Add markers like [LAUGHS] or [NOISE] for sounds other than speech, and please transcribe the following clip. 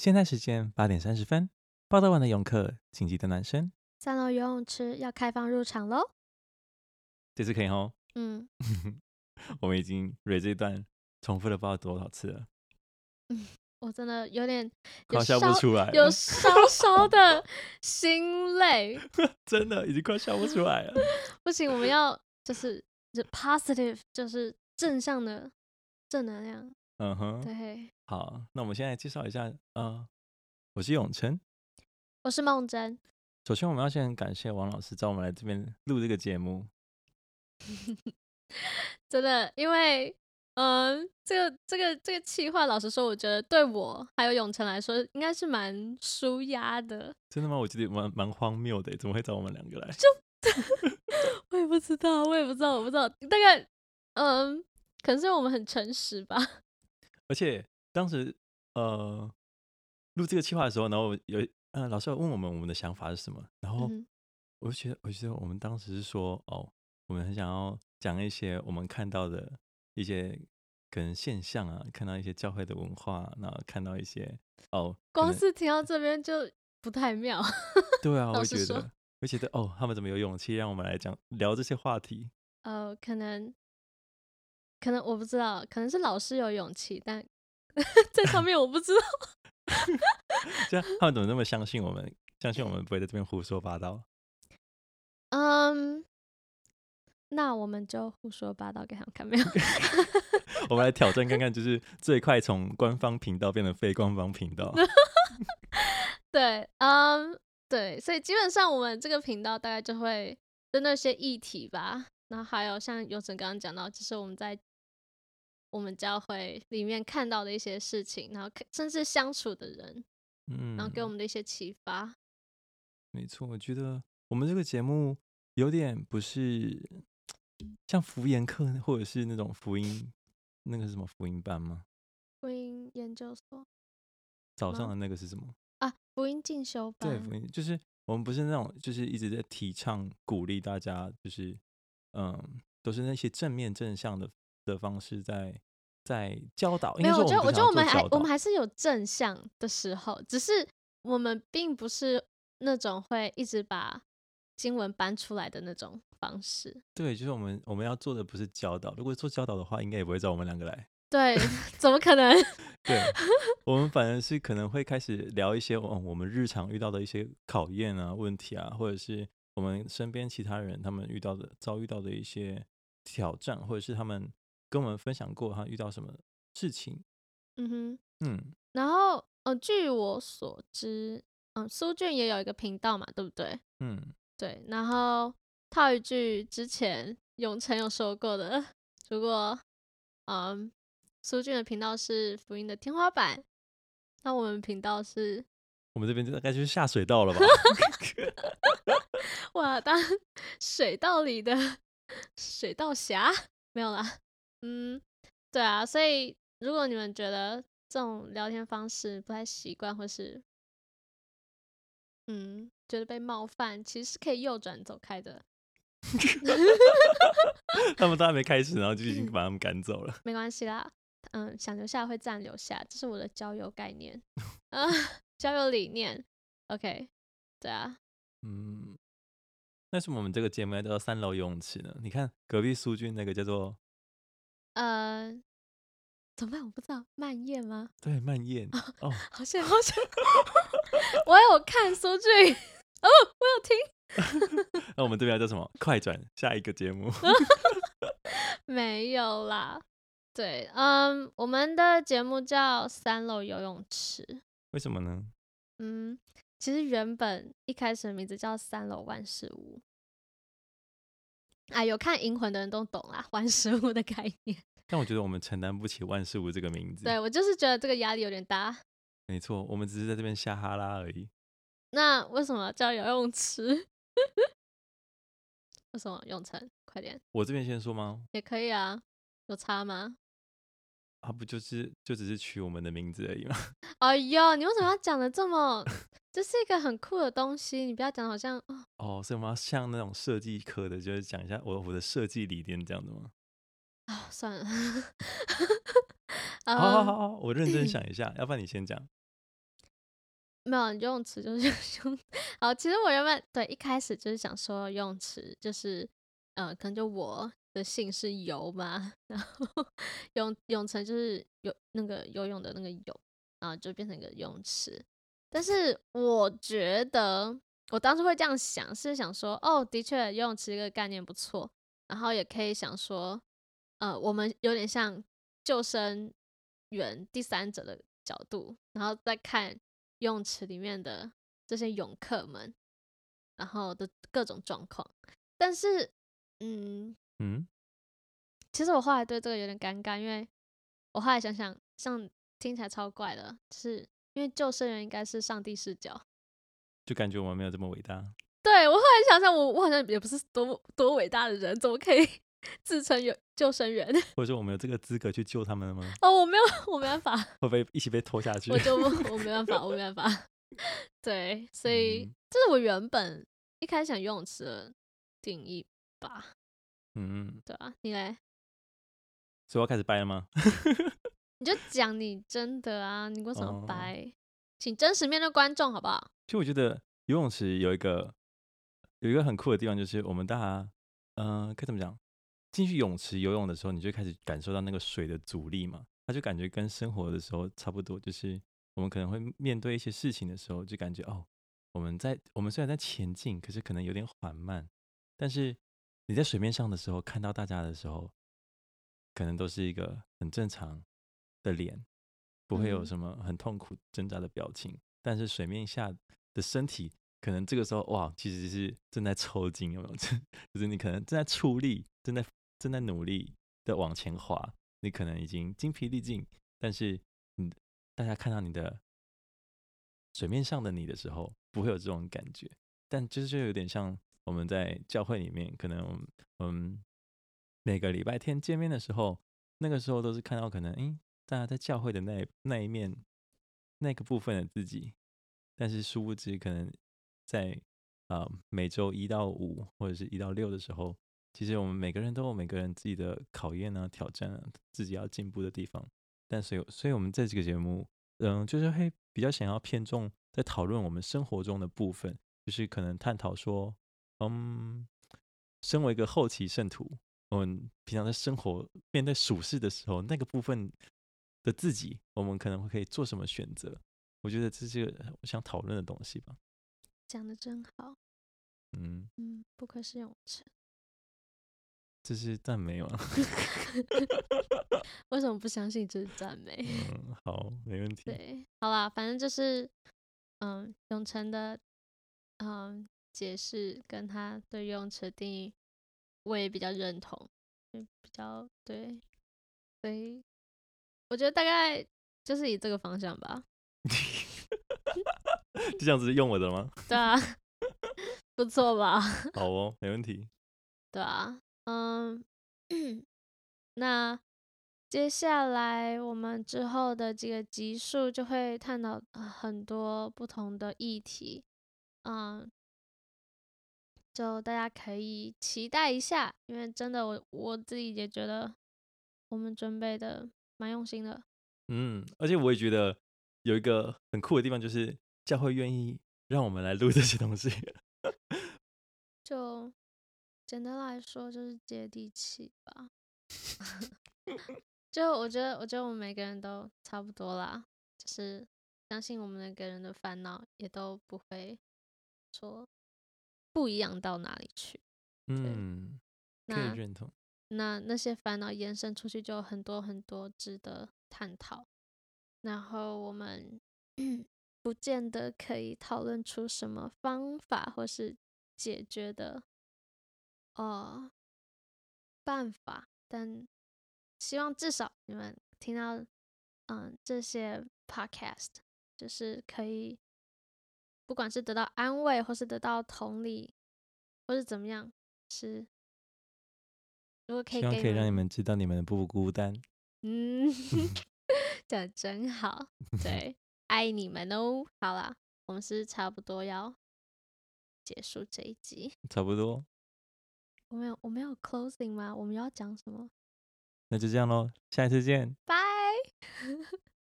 現在時間八點三十分，報道完的泳客，請記得男生，三樓游泳池要開放入場嘍，這次可以吼。嗯， [LAUGHS] 我們已經蕊這段重複了不知道多少次了。嗯，我真的有點快笑不出來，有稍稍的心累， [LAUGHS] [LAUGHS] 真的已經快笑不出來了。 [LAUGHS] 不行，我們要就是就 positive，就是正向的正能量。嗯哼，對，好，那我們現在介紹一下，嗯、呃，我是永琛，我是孟真。首先，我們要先感謝王老師找我們來這邊錄這個節目。 [LAUGHS] 真的，因為，嗯、呃，這個這個這個企劃，老實說，我覺得對我還有永成來說，應該是蠻舒壓的。真的嗎？我覺得蠻蠻荒謬的，怎麼會找我們兩個來？就 [LAUGHS] 我也不知道，我也不知道，我不知道，大概，嗯、呃，可能是我們很誠實吧。而且當時呃錄這個企劃的時候，然後有呃老師要問我們，我們的想法是什麼，然後、嗯、哼我就覺得我覺得我們當時是說哦，我們很想要講一些我們看到的一些可能現象啊，看到一些教會的文化、啊，然後看到一些哦，光是聽到這邊就不太妙，對啊我，我覺得我覺得哦他們怎麼有勇氣讓我們來講聊這些話題？呃，可能。可能我不知道，可能是老師有勇氣，但呵呵在上面我不知道。 [LAUGHS] 這樣他們怎麼那麼相信我們？相信我們不會在這邊胡說八道。嗯，um, 那我們就胡說八道給他們看，沒有？我們來挑戰看看，就是最快從官方頻道變成非官方頻道。 [LAUGHS] [LAUGHS] 對，嗯、um,，對，所以基本上我們這個頻道大概就會就那些議題吧。那還有像有晨剛剛講到，就是我們在。我們教會裡面看到的一些事情，然後甚至相處的人，嗯，然後給我們的一些啟發。沒錯，我覺得我們這個節目有點不是像福音課，或者是那種福音，那個是什麼福音班嗎？福音研究所。早上的那個是什麼？啊，福音進修班。對，福音就是我們不是那種就是一直在提倡鼓勵大家，就是嗯，都是那些正面正向的。的方式在在教導，因為教導沒有，我覺得我覺得我們還我們還是有正向的時候，只是我們並不是那種會一直把經文搬出來的那種方式。對，就是我們我們要做的不是教導，如果做教導的話，應該也不會找我們兩個來。對，怎麼可能？ [LAUGHS] 對，我們反而是可能會開始聊一些、 [LAUGHS] 嗯、我們日常遇到的一些考驗啊、問題啊，或者是我們身邊其他人他們遇到的遭遇到的一些挑戰，或者是他們。跟我們分享過哈，遇到什麼事情，嗯哼，嗯，然後嗯、呃，據我所知，嗯、呃，蘇俊也有一個頻道嘛，對不對？嗯，對。然後套一句之前永成有說過的，如果嗯，呃，蘇俊的頻道是福音的天花板，那我們頻道是，我們這邊真的該去是下水道了吧？我要 [LAUGHS] [LAUGHS] 當水道裡的水道俠，沒有啦。嗯，對啊，所以如果你們覺得這種聊天方式不太習慣，或是嗯覺得被冒犯，其實是可以右轉走開的。 [LAUGHS] [LAUGHS] 他們都還沒開始，然後就已經把他們趕走了。嗯、沒關係啦，嗯，想留下會自然留下，這是我的交友概念啊、 [LAUGHS] 嗯，交友理念。OK，對啊，嗯，為什麼我們這個節目叫三樓游泳池呢？你看隔壁蘇軍那個叫做。呃，怎麼辦？我不知道慢嚥嗎？對，慢嚥。哦，哦好，好像好像， [LAUGHS] 我有看數據， [LAUGHS] 哦，我有聽。那、 [LAUGHS] 啊、我們這邊叫什麼？ [LAUGHS] 快轉下一個節目。 [LAUGHS] [LAUGHS] 沒有啦，對，嗯，我們的節目叫三樓游泳池。為什麼呢？嗯，其實原本一開始的名字叫三樓萬事屋。啊，有看《銀魂》的人都懂啊，萬事屋的概念。但我覺得我們承擔不起“萬事屋”這個名字。對，我就是覺得這個壓力有點大。沒錯，我們只是在這邊瞎哈拉而已。那為什麼叫游泳池？ [LAUGHS] 為什麼泳池？快點！我這邊先說嗎？也可以啊，有差嗎？啊，不就是就只是取我們的名字而已嗎？哎喲，你為什麼要講的這麼？ [LAUGHS] 這是一個很酷的東西，你不要講的好像……哦，哦，所以我們要像那種設計科的，就是講一下我我的設計理念這樣的嗎？哦、算了， [LAUGHS] 好好、哦、好好，嗯、我認真想一下，嗯、要不然你先講。沒有，游泳池就是游泳。好。其實我原本對一開始就是想說游泳池就是，呃，可能就我的姓是游嘛，然後泳泳池就是游那個游泳的那個游，然後就變成一個游泳池。但是我覺得我當時會這樣想是想說，哦，的確游泳池這個概念不錯，然後也可以想說。呃，我們有點像救生員，第三者的角度，然後再看泳池裡面的這些泳客們，然後的各種狀況。但是，嗯嗯，其實我後來對這個有點尷尬，因為我後來想想，像聽起來超怪的，就是因為救生員應該是上帝視角，就感覺我們沒有這麼偉大。對，我後來想想，我我好像也不是多多偉大的人，怎麼可以？ [LAUGHS] 自稱有救生員，或者說我們有這個資格去救他們了嗎？哦，我沒有，我沒辦法。會不會一起被拖下去？我就我沒辦法， [LAUGHS] 我沒辦法。對，所以、嗯、這是我原本一開始想游泳池的定義吧。嗯，對吧？你來。所以我要開始掰了嗎？ [LAUGHS] 你就講你真的啊，你跟我怎麼掰？哦、請真實面對觀眾好不好？其實我覺得游泳池有一個有一個很酷的地方，就是我們大家，嗯、呃，可以怎麼講？進去泳池游泳的時候，你就開始感受到那個水的阻力嘛？他就感覺跟生活的時候差不多，就是我們可能會面對一些事情的時候，就感覺哦，我們在，我們雖然在前進，可是可能有點緩慢。但是你在水面上的時候，看到大家的時候，可能都是一個很正常的臉，不會有什麼很痛苦掙扎的表情。嗯、但是水面下的身體，可能這個時候，哇，其實是正在抽筋，有沒有？ [LAUGHS] 就是你可能正在出力，正在。正在努力的往前划，你可能已經精疲力盡，但是，嗯，大家看到你的水面上的你的時候，不會有這種感覺。但就是就有點像我們在教會裡面，可能我們，我們每個禮拜天見面的時候，那個時候都是看到可能，哎，大家在教會的那那一面那個部分的自己，但是殊不知，可能在啊，呃，每周一到五或者是一到六的時候。其實我們每個人都有每個人自己的考驗啊、挑戰啊，自己要進步的地方。但是有，所以，我們在這個節目，嗯，就是會比較想要偏重在討論我們生活中的部分，就是可能探討說，嗯，身為一個後期聖徒，我們、嗯、平常在生活面對瑣事的時候，那個部分的自己，我們可能會可以做什麼選擇？我覺得這是個我想討論的東西吧。講得真好。嗯嗯，不愧是泳池。這是讚美嗎？ [LAUGHS] 為什麼不相信這是讚美？嗯，好，沒問題。對，好吧，反正就是，嗯，永成的，嗯，解釋跟他對用詞的定義，我也比較認同，比較對，所以我覺得大概就是以這個方向吧。 [LAUGHS] 就這樣子用我的嗎？ [LAUGHS] 對啊，不錯吧？好哦，沒問題。 [LAUGHS] 對啊。嗯，那接下來我們之後的這個集數就會探討很多不同的議題，嗯，就大家可以期待一下，因為真的我我自己也覺得我們準備的蠻用心的，嗯，而且我也覺得有一個很酷的地方就是教會願意讓我們來錄這些東西， [LAUGHS] 就。簡單來說就是接地氣吧， [LAUGHS] 就我覺得，我覺得我們每個人都差不多啦，就是相信我們每個人的煩惱也都不會說不一樣到哪裡去，嗯，可以認同。那，那那那些煩惱延伸出去就很多很多值得探討，然後我們 [COUGHS] 不見得可以討論出什麼方法或是解決的。哦，辦法。但希望至少你們聽到，嗯，這些 podcast 就是可以，不管是得到安慰，或是得到同理，或是怎麼樣，是如果可以，希望可以讓你們知道你們的不，不孤單。嗯， [LAUGHS] [LAUGHS] 講得真好，對， [LAUGHS] 愛你們哦。好啦，我們是差不多要結束這一集，差不多。我沒有，我沒有 closing 嗎？我們要講什麼？那就這樣嘍，下一次見，拜。Bye! [LAUGHS]